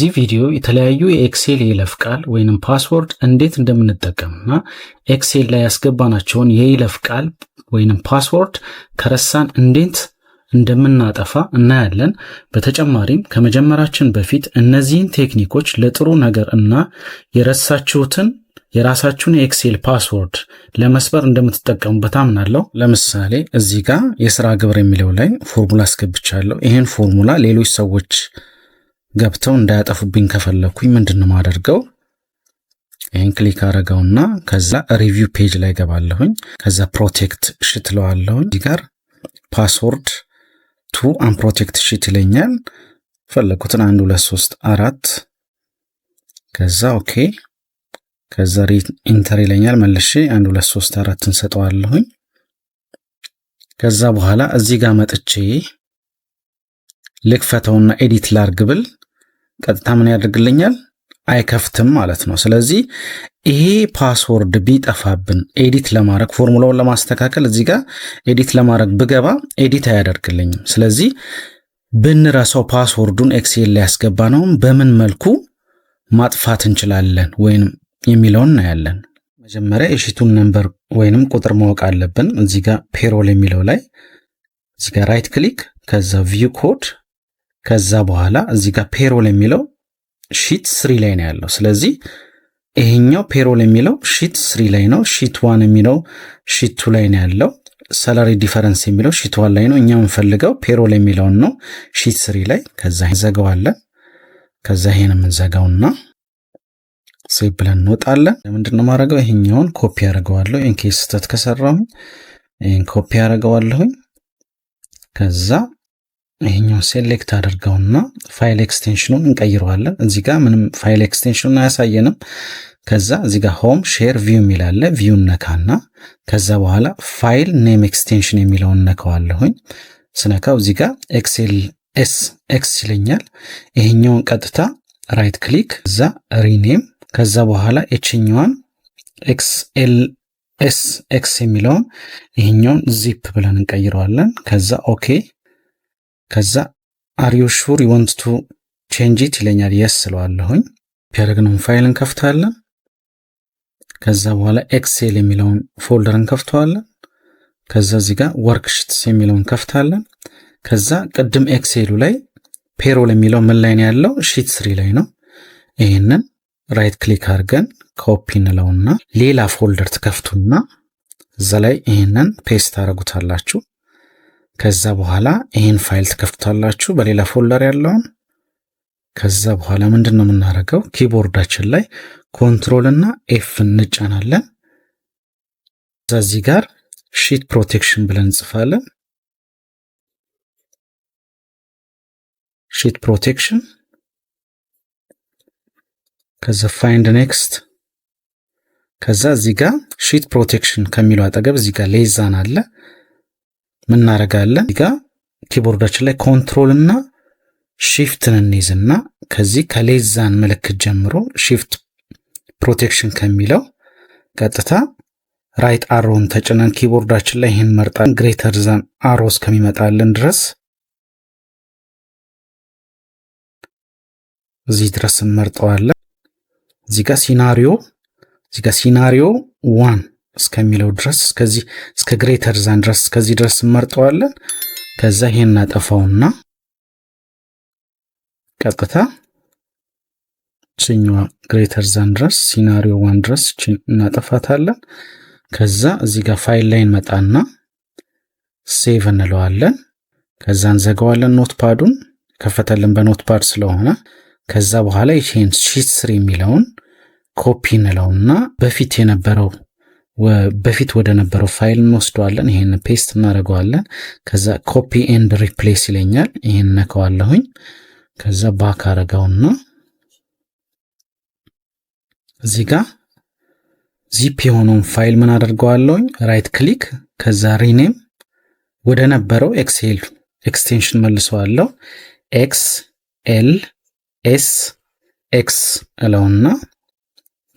በዚህ ቪዲዮ የተለያዩ የኤክሴል የይለፍ ቃል ወይንም ፓስወርድ እንዴት እንደምንጠቀምና ኤክሴል ላይ ያስገባናቸውን የይለፍ ቃል ወይንም ፓስወርድ ከረሳን እንዴት እንደምናጠፋ እናያለን። በተጨማሪም ከመጀመራችን በፊት እነዚህን ቴክኒኮች ለጥሩ ነገር እና የረሳችሁትን የራሳችሁን የኤክሴል ፓስወርድ ለመስበር እንደምትጠቀሙበት አምናለሁ። ለምሳሌ እዚህ ጋር የስራ ግብር የሚለው ላይ ፎርሙላ አስገብቻለሁ። ይህን ፎርሙላ ሌሎች ሰዎች ገብተው እንዳያጠፉብኝ ከፈለኩኝ ምንድን ነው ማደርገው? ይህን ክሊክ አረገውና ከዛ ሪቪው ፔጅ ላይ ገባለሁኝ። ከዛ ፕሮቴክት ሽት ለዋለሁኝ። እዚህ ጋር ፓስወርድ ቱ አንፕሮቴክት ሽት ይለኛል። ፈለኩትን አንድ ሁለት ሶስት አራት ከዛ ኦኬ ከዛ ኢንተር ይለኛል። መልሼ አንድ ሁለት ሶስት አራት እንሰጠዋለሁኝ። ከዛ በኋላ እዚህ ጋር መጥቼ ልክፈተውና ኤዲት ላርግ ብል ቀጥታ ምን ያደርግልኛል? አይከፍትም ማለት ነው። ስለዚህ ይሄ ፓስወርድ ቢጠፋብን ኤዲት ለማድረግ ፎርሙላውን ለማስተካከል እዚህ ጋር ኤዲት ለማድረግ ብገባ ኤዲት አያደርግልኝም። ስለዚህ ብንረሳው ፓስወርዱን ኤክሴል ላይ ያስገባ ነውም በምን መልኩ ማጥፋት እንችላለን ወይንም የሚለውን እናያለን። መጀመሪያ የሺቱን ነንበር ወይንም ቁጥር ማወቅ አለብን። እዚህ ጋር ፔሮል የሚለው ላይ እዚህ ጋር ራይት ክሊክ ከዛ ቪው ኮድ ከዛ በኋላ እዚህ ጋር ፔሮል የሚለው ሺት ስሪ ላይ ነው ያለው። ስለዚህ ይሄኛው ፔሮል የሚለው ሺት ስሪ ላይ ነው። ሺት ዋን የሚለው ሺት ላይ ነው ያለው። ሰላሪ ዲፈረንስ የሚለው ሺት ዋን ላይ ነው። እኛ የምንፈልገው ፔሮል የሚለውን ነው ሺት ስሪ ላይ። ከዛ እንዘጋዋለን። ከዛ ይሄን የምንዘጋውና ሴቭ ብለን እንወጣለን። ለምንድን ነው ይሄኛውን ኮፒ ያደርገዋለሁ። ኢንኬስ ስህተት ከሰራሁኝ ይህን ኮፒ ያደርገዋለሁኝ ከዛ ይሄኛው ሴሌክት አድርገውና ፋይል ኤክስቴንሽኑን እንቀይረዋለን። እዚህ ጋር ምንም ፋይል ኤክስቴንሽኑን አያሳየንም። ከዛ እዚህ ጋር ሆም ሼር ቪው የሚል አለ። ቪውን ነካና ከዛ በኋላ ፋይል ኔም ኤክስቴንሽን የሚለውን ነካዋለሁኝ። ስነካው እዚህ ጋር ኤክሴል ኤስ ኤክስ ይለኛል። ይሄኛውን ቀጥታ ራይት ክሊክ እዛ ሪኔም ከዛ በኋላ ይችኛዋን ኤክስኤል ኤስ ኤክስ የሚለውን ይሄኛውን ዚፕ ብለን እንቀይረዋለን። ከዛ ኦኬ ከዛ አርዩ ሹር ዩ ዋንት ቱ ቼንጅ ኢት ይለኛል። የስ ስለዋለሁኝ ያደረግነውን ፋይል እንከፍታለን። ከዛ በኋላ ኤክሴል የሚለውን ፎልደር እንከፍተዋለን። ከዛ እዚህ ጋር ወርክሽትስ የሚለውን ከፍታለን። ከዛ ቅድም ኤክሴሉ ላይ ፔሮል የሚለው ምን ላይ ነው ያለው? ሺት ስሪ ላይ ነው። ይህንን ራይት ክሊክ አድርገን ኮፒ እንለውና ሌላ ፎልደር ትከፍቱና እዛ ላይ ይህንን ፔስት ታደረጉታላችሁ። ከዛ በኋላ ይህን ፋይል ትከፍቷላችሁ በሌላ ፎልደር ያለውን። ከዛ በኋላ ምንድን ነው የምናደርገው? ኪቦርዳችን ላይ ኮንትሮል እና ኤፍ እንጫናለን። ከዛ እዚህ ጋር ሺት ፕሮቴክሽን ብለን እንጽፋለን። ሺት ፕሮቴክሽን ከዛ ፋይንድ ኔክስት ከዛ እዚህ ጋር ሺት ፕሮቴክሽን ከሚለው አጠገብ እዚህ ጋር ሌዛን አለ ምናደርጋለን ጋ ኪቦርዳችን ላይ ኮንትሮል እና ሺፍትን እንይዝና ከዚህ ከሌዛን ምልክት ጀምሮ ሺፍት ፕሮቴክሽን ከሚለው ቀጥታ ራይት አሮን ተጭነን ኪቦርዳችን ላይ ይህን መርጣን ግሬተር ዛን አሮ እስከሚመጣልን ድረስ እዚህ ድረስ እንመርጠዋለን። እዚህ ጋር ሲናሪዮ እዚህ ጋር ሲናሪዮ ዋን እስከሚለው ድረስ እስከዚህ እስከ ግሬተር ዛን ድረስ እስከዚህ ድረስ እንመርጠዋለን። ከዛ ይሄን እናጠፋውና ቀጥታ ችኛዋ ግሬተር ዛን ድረስ ሲናሪዮ ዋን ድረስ እናጠፋታለን። ከዛ እዚህ ጋር ፋይል ላይ እንመጣና ሴቭ እንለዋለን። ከዛ እንዘጋዋለን ፓዱን ከፈተልን ፓድ ስለሆነ ከዛ በኋላ ይሄን ሺት ስሪ የሚለውን ኮፒ እንለውና በፊት የነበረው በፊት ወደ ነበረው ፋይል እንወስደዋለን። ይሄን ፔስት እናደርገዋለን። ከዛ ኮፒ ኤንድ ሪፕሌስ ይለኛል። ይሄን ነከዋለሁኝ። ከዛ ባክ አረጋውና እዚህ ጋር ዚፕ የሆነውን ፋይል ምን አደርገዋለሁኝ? ራይት ክሊክ ከዛ ሪኔም ወደ ነበረው ኤክስኤል ኤክስቴንሽን መልሰዋለሁ። ኤክስ ኤል ኤስ ኤክስ እለውና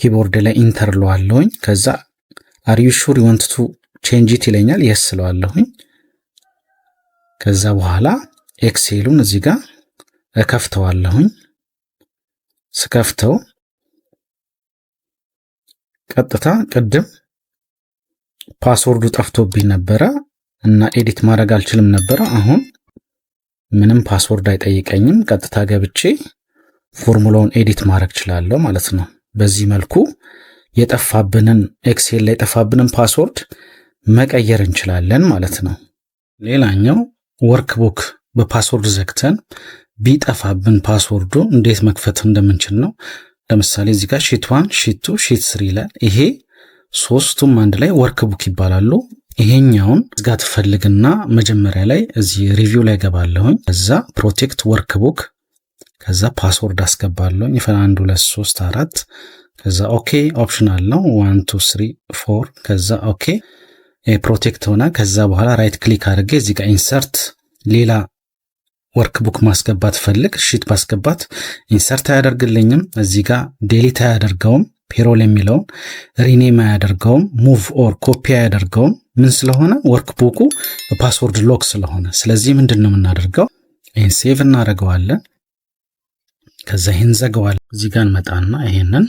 ኪቦርድ ላይ ኢንተር ለዋለሁኝ። ከዛ አር ዩ ሹር ዩ ዋንት ቱ ቼንጅ ኢት ይለኛል። የስ ስለዋለሁኝ ከዛ በኋላ ኤክሴሉን እዚህ ጋር እከፍተዋለሁኝ። ስከፍተው ቀጥታ ቅድም ፓስወርዱ ጠፍቶብኝ ነበረ እና ኤዲት ማድረግ አልችልም ነበረ። አሁን ምንም ፓስወርድ አይጠይቀኝም። ቀጥታ ገብቼ ፎርሙላውን ኤዲት ማድረግ ችላለሁ ማለት ነው በዚህ መልኩ የጠፋብንን ኤክሴል ላይ የጠፋብንን ፓስወርድ መቀየር እንችላለን ማለት ነው። ሌላኛው ወርክቡክ በፓስወርድ ዘግተን ቢጠፋብን ፓስወርዱ እንዴት መክፈት እንደምንችል ነው። ለምሳሌ እዚህ ጋር ሺት ዋን፣ ሺት ቱ፣ ሺት ስሪ ይላል። ይሄ ሶስቱም አንድ ላይ ወርክቡክ ይባላሉ። ይሄኛውን እዚጋ ትፈልግና መጀመሪያ ላይ እዚህ ሪቪው ላይ ገባለሁኝ። ከዛ ፕሮቴክት ወርክቡክ፣ ከዛ ፓስወርድ አስገባለሁኝ። አንድ ሁለት ሶስት አራት ከዛ ኦኬ ኦፕሽን አለው ዋን ቱ ስሪ ፎር ከዛ ኦኬ ፕሮቴክት ሆና ከዛ በኋላ ራይት ክሊክ አድርጌ እዚህ ጋር ኢንሰርት ሌላ ወርክቡክ ማስገባት ፈልግ ሺት ማስገባት ኢንሰርት አያደርግልኝም። እዚህ ጋር ዴሊት አያደርገውም። ፔሮል የሚለውን ሪኔም አያደርገውም። ሙቭ ኦር ኮፒ አያደርገውም። ምን ስለሆነ ወርክቡኩ ፓስወርድ ሎክ ስለሆነ፣ ስለዚህ ምንድን ነው የምናደርገው? ይህን ሴቭ እናደርገዋለን። ከዛ ይህን ዘገዋለን። እዚህ ጋር እንመጣና ይሄንን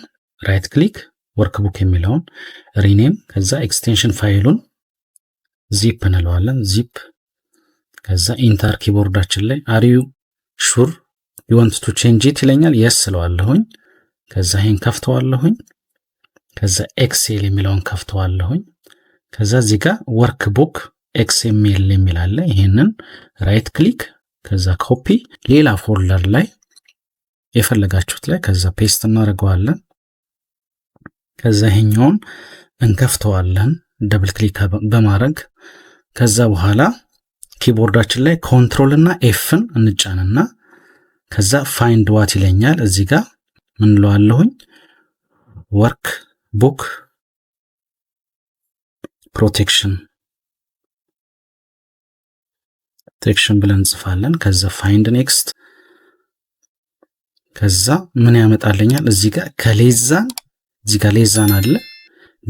ራይት ክሊክ ወርክቡክ የሚለውን ሪኔም፣ ከዛ ኤክስቴንሽን ፋይሉን ዚፕ እንለዋለን። ዚፕ ከዛ ኢንተር ኪቦርዳችን ላይ አሪዩ ሹር ዋንት ቱ ቼንጅ ኢት ይለኛል። የስ ስለዋለሁኝ። ከዛ ይሄን ከፍተዋለሁኝ። ከዛ ኤክሴል የሚለውን ከፍተዋለሁኝ። ከዛ እዚህ ጋር ወርክ ቡክ ኤክስኤምኤል የሚል አለ። ይሄንን ራይት ክሊክ ከዛ ኮፒ ሌላ ፎልደር ላይ የፈለጋችሁት ላይ ከዛ ፔስት እናደርገዋለን። ከዛ እንከፍተዋለን ደብል ክሊክ በማድረግ ከዛ በኋላ ኪቦርዳችን ላይ ኮንትሮል እና ኤፍን እንጫንና ከዛ ፋይንድ ዋት ይለኛል። እዚህ ጋር ምን ለዋለሁኝ ወርክ ቡክ ፕሮቴክሽን ፕሮቴክሽን ብለን እንጽፋለን። ከዛ ፋይንድ ኔክስት። ከዛ ምን ያመጣልኛል? እዚህ ጋር ከሌዛን እዚህ ጋር ላይ ዛን አለ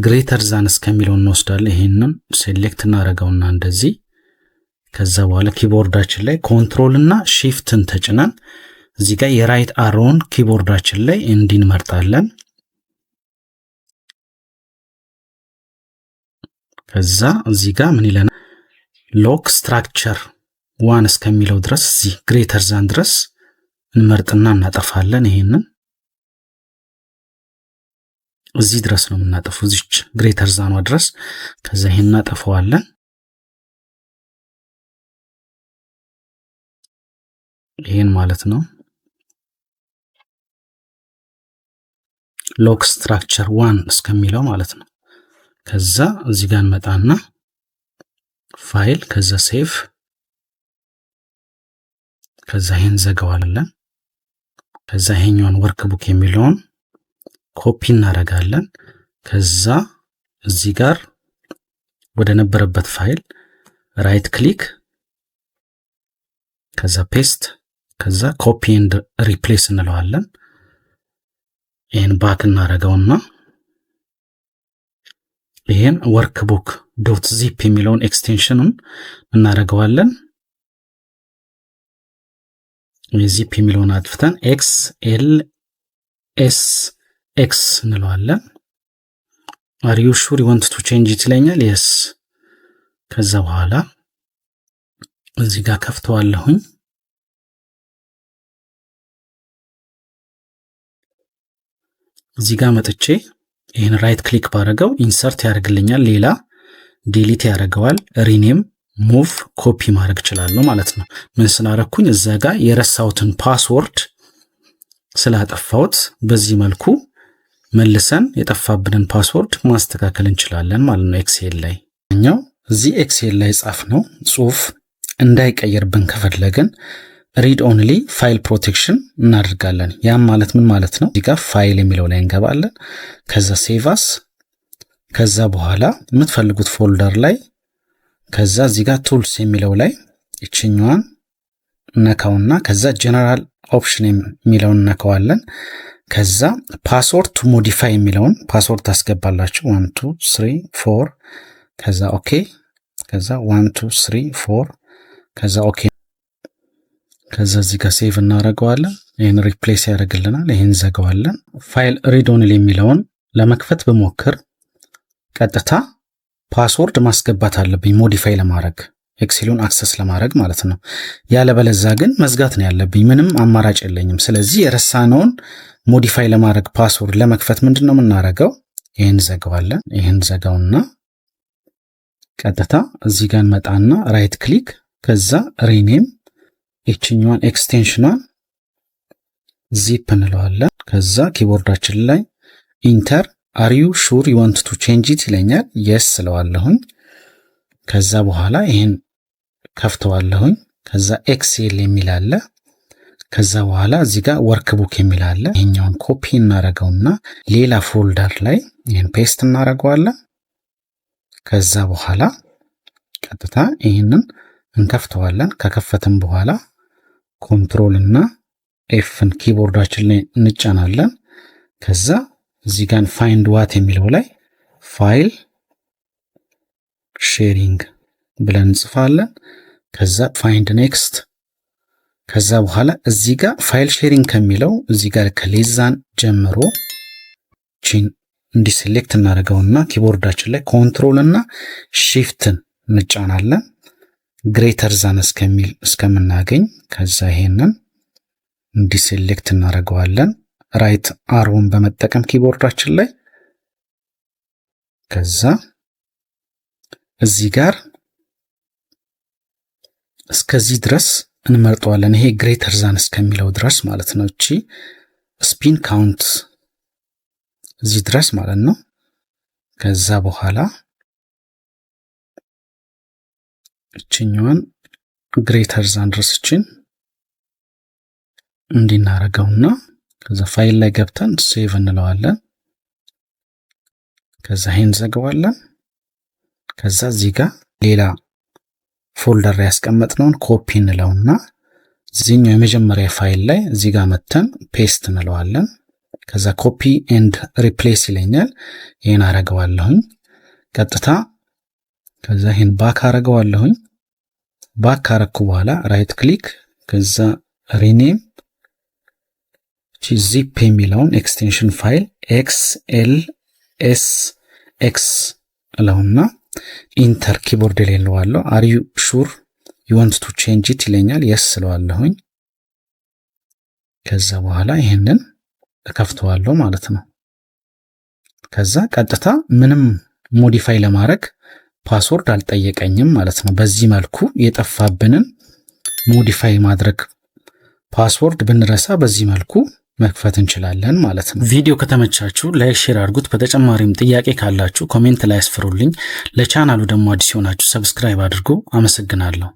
ግሬተር ዛን እስከሚለው እንወስዳለን። ይሄንን ሴሌክት እናደርገውና እንደዚህ ከዛ በኋላ ኪቦርዳችን ላይ ኮንትሮል እና ሺፍትን ተጭነን እዚህ ጋር የራይት አሮን ኪቦርዳችን ላይ እንዲንመርጣለን። ከዛ እዚህ ጋር ምን ይለናል? ሎክ ስትራክቸር ዋን እስከሚለው ድረስ እዚህ ግሬተር ዛን ድረስ እንመርጥና እናጠፋለን ይሄንን እዚህ ድረስ ነው የምናጠፈው፣ እዚች ግሬተር ዛኗ ድረስ። ከዛ ይሄን እናጠፈዋለን። ይሄን ማለት ነው። ሎክ ስትራክቸር ዋን እስከሚለው ማለት ነው። ከዛ እዚህ ጋር እንመጣና ፋይል፣ ከዛ ሴቭ፣ ከዛ ይሄን ዘገዋለን። ከዛ ይሄኛውን ወርክ ቡክ የሚለውን ኮፒ እናደርጋለን። ከዛ እዚህ ጋር ወደ ነበረበት ፋይል ራይት ክሊክ ከዛ ፔስት ከዛ ኮፒ ኤንድ ሪፕሌስ እንለዋለን። ይህን ባክ እናደርገውና ይህን ወርክቡክ ዶት ዚፕ የሚለውን ኤክስቴንሽኑን እናደርገዋለን። ዚፕ የሚለውን አጥፍተን ኤክስ ኤል ኤስ ኤክስ እንለዋለን። አር ዩ ሹር ወንት ቱ ቼንጅ ኢት ይለኛል። የስ ከዛ በኋላ እዚህ ጋር ከፍተዋለሁኝ። እዚህ ጋር መጥቼ ይህን ራይት ክሊክ ባረገው ኢንሰርት ያደርግልኛል። ሌላ ዴሊት ያደርገዋል። ሪኔም ሙቭ ኮፒ ማድረግ እችላለሁ ማለት ነው። ምን ስላረኩኝ እዛ ጋር የረሳሁትን ፓስወርድ ስላጠፋሁት በዚህ መልኩ መልሰን የጠፋብንን ፓስወርድ ማስተካከል እንችላለን ማለት ነው። ኤክሴል ላይ እኛው እዚህ ኤክሴል ላይ ጻፍ ነው ጽሁፍ እንዳይቀየርብን ከፈለግን ሪድ ኦንሊ ፋይል ፕሮቴክሽን እናደርጋለን። ያም ማለት ምን ማለት ነው? እዚህ ጋር ፋይል የሚለው ላይ እንገባለን። ከዛ ሴቫስ፣ ከዛ በኋላ የምትፈልጉት ፎልደር ላይ ከዛ እዚህ ጋር ቱልስ የሚለው ላይ ይችኛዋን ነካውና ከዛ ጀነራል ኦፕሽን የሚለውን እነካዋለን። ከዛ ፓስወርድ ቱ ሞዲፋይ የሚለውን ፓስወርድ ታስገባላችሁ። ዋን ቱ ስሪ ፎር ከዛ ኦኬ ከዛ ዋን ቱ ስሪ ፎር ከዛ ኦኬ ከዛ እዚህ ጋር ሴቭ እናደርገዋለን። ይህን ሪፕሌስ ያደርግልናል። ይህን ዘገዋለን። ፋይል ሪዶንል የሚለውን ለመክፈት ብሞክር ቀጥታ ፓስወርድ ማስገባት አለብኝ ሞዲፋይ ለማድረግ ኤክሴሉን አክሰስ ለማድረግ ማለት ነው። ያለበለዛ ግን መዝጋት ነው ያለብኝ። ምንም አማራጭ የለኝም። ስለዚህ የረሳነውን ሞዲፋይ ለማድረግ ፓስወርድ ለመክፈት ምንድን ነው የምናደርገው? ይህን ዘጋዋለን። ይህን ዘጋውና ቀጥታ እዚህ ጋር እንመጣና ራይት ክሊክ ከዛ ሪኔም ይችኛዋን ኤክስቴንሽኗን ዚፕ እንለዋለን። ከዛ ኪቦርዳችን ላይ ኢንተር አሪዩ ሹር ዩ ዋንት ቱ ቼንጅ ኢት ይለኛል። የስ ስለዋለሁኝ ከዛ በኋላ ይህን ከፍተዋለሁኝ። ከዛ ኤክሴል የሚል አለ። ከዛ በኋላ እዚህ ጋር ወርክቡክ የሚል አለ። ይሄኛውን ኮፒ እናረገውና ሌላ ፎልደር ላይ ይህን ፔስት እናደርገዋለን። ከዛ በኋላ ቀጥታ ይህንን እንከፍተዋለን። ከከፈትም በኋላ ኮንትሮል እና ኤፍን ኪቦርዳችን ላይ እንጫናለን። ከዛ እዚህ ጋር ፋይንድ ዋት የሚለው ላይ ፋይል ሼሪንግ ብለን እንጽፋለን። ከዛ ፋይንድ ኔክስት። ከዛ በኋላ እዚህ ጋር ፋይል ሼሪንግ ከሚለው እዚህ ጋር ከሌዛን ጀምሮ ቺን እንዲህ ሴሌክት እናደርገውና ኪቦርዳችን ላይ ኮንትሮል እና ሺፍትን እንጫናለን ግሬተር ዛን እስከሚል እስከምናገኝ። ከዛ ይሄንን እንዲ ሴሌክት እናደርገዋለን ራይት አርቡን በመጠቀም ኪቦርዳችን ላይ ከዛ እዚህ ጋር እስከዚህ ድረስ እንመርጠዋለን። ይሄ ግሬተር ዛን እስከሚለው ድረስ ማለት ነው። እቺ ስፒን ካውንት እዚህ ድረስ ማለት ነው። ከዛ በኋላ እችኛዋን ግሬተር ዛን ድረስ እችን እንዲናረገውና ከዛ ፋይል ላይ ገብተን ሴቭ እንለዋለን። ከዛ ይሄን ከዛ እዚህ ጋር ሌላ ፎልደር ላይ ያስቀመጥነውን ኮፒ እንለውና እዚህኛው የመጀመሪያ ፋይል ላይ እዚህ ጋር መተን ፔስት እንለዋለን። ከዛ ኮፒ ኤንድ ሪፕሌስ ይለኛል። ይህን አረገዋለሁኝ ቀጥታ። ከዛ ይህን ባክ አረገዋለሁኝ። ባክ ካረግኩ በኋላ ራይት ክሊክ፣ ከዛ ሪኔም ዚፕ የሚለውን ኤክስቴንሽን ፋይል ኤክስ ኤል ኤስ ኤክስ እለውና ኢንተር ኪቦርድ ላይ እለዋለሁ። አር ዩ ሹር ዩ ዋንት ቱ ቼንጅ ኢት ይለኛል። የስ ስለዋለሁኝ ከዛ በኋላ ይህንን እከፍተዋለሁ ማለት ነው። ከዛ ቀጥታ ምንም ሞዲፋይ ለማድረግ ፓስወርድ አልጠየቀኝም ማለት ነው። በዚህ መልኩ የጠፋብንን ሞዲፋይ ማድረግ ፓስወርድ ብንረሳ በዚህ መልኩ መክፈት እንችላለን ማለት ነው። ቪዲዮ ከተመቻችሁ ላይክ፣ ሼር አድርጉት። በተጨማሪም ጥያቄ ካላችሁ ኮሜንት ላይ አስፍሩልኝ። ለቻናሉ ደግሞ አዲስ የሆናችሁ ሰብስክራይብ አድርጉ። አመሰግናለሁ።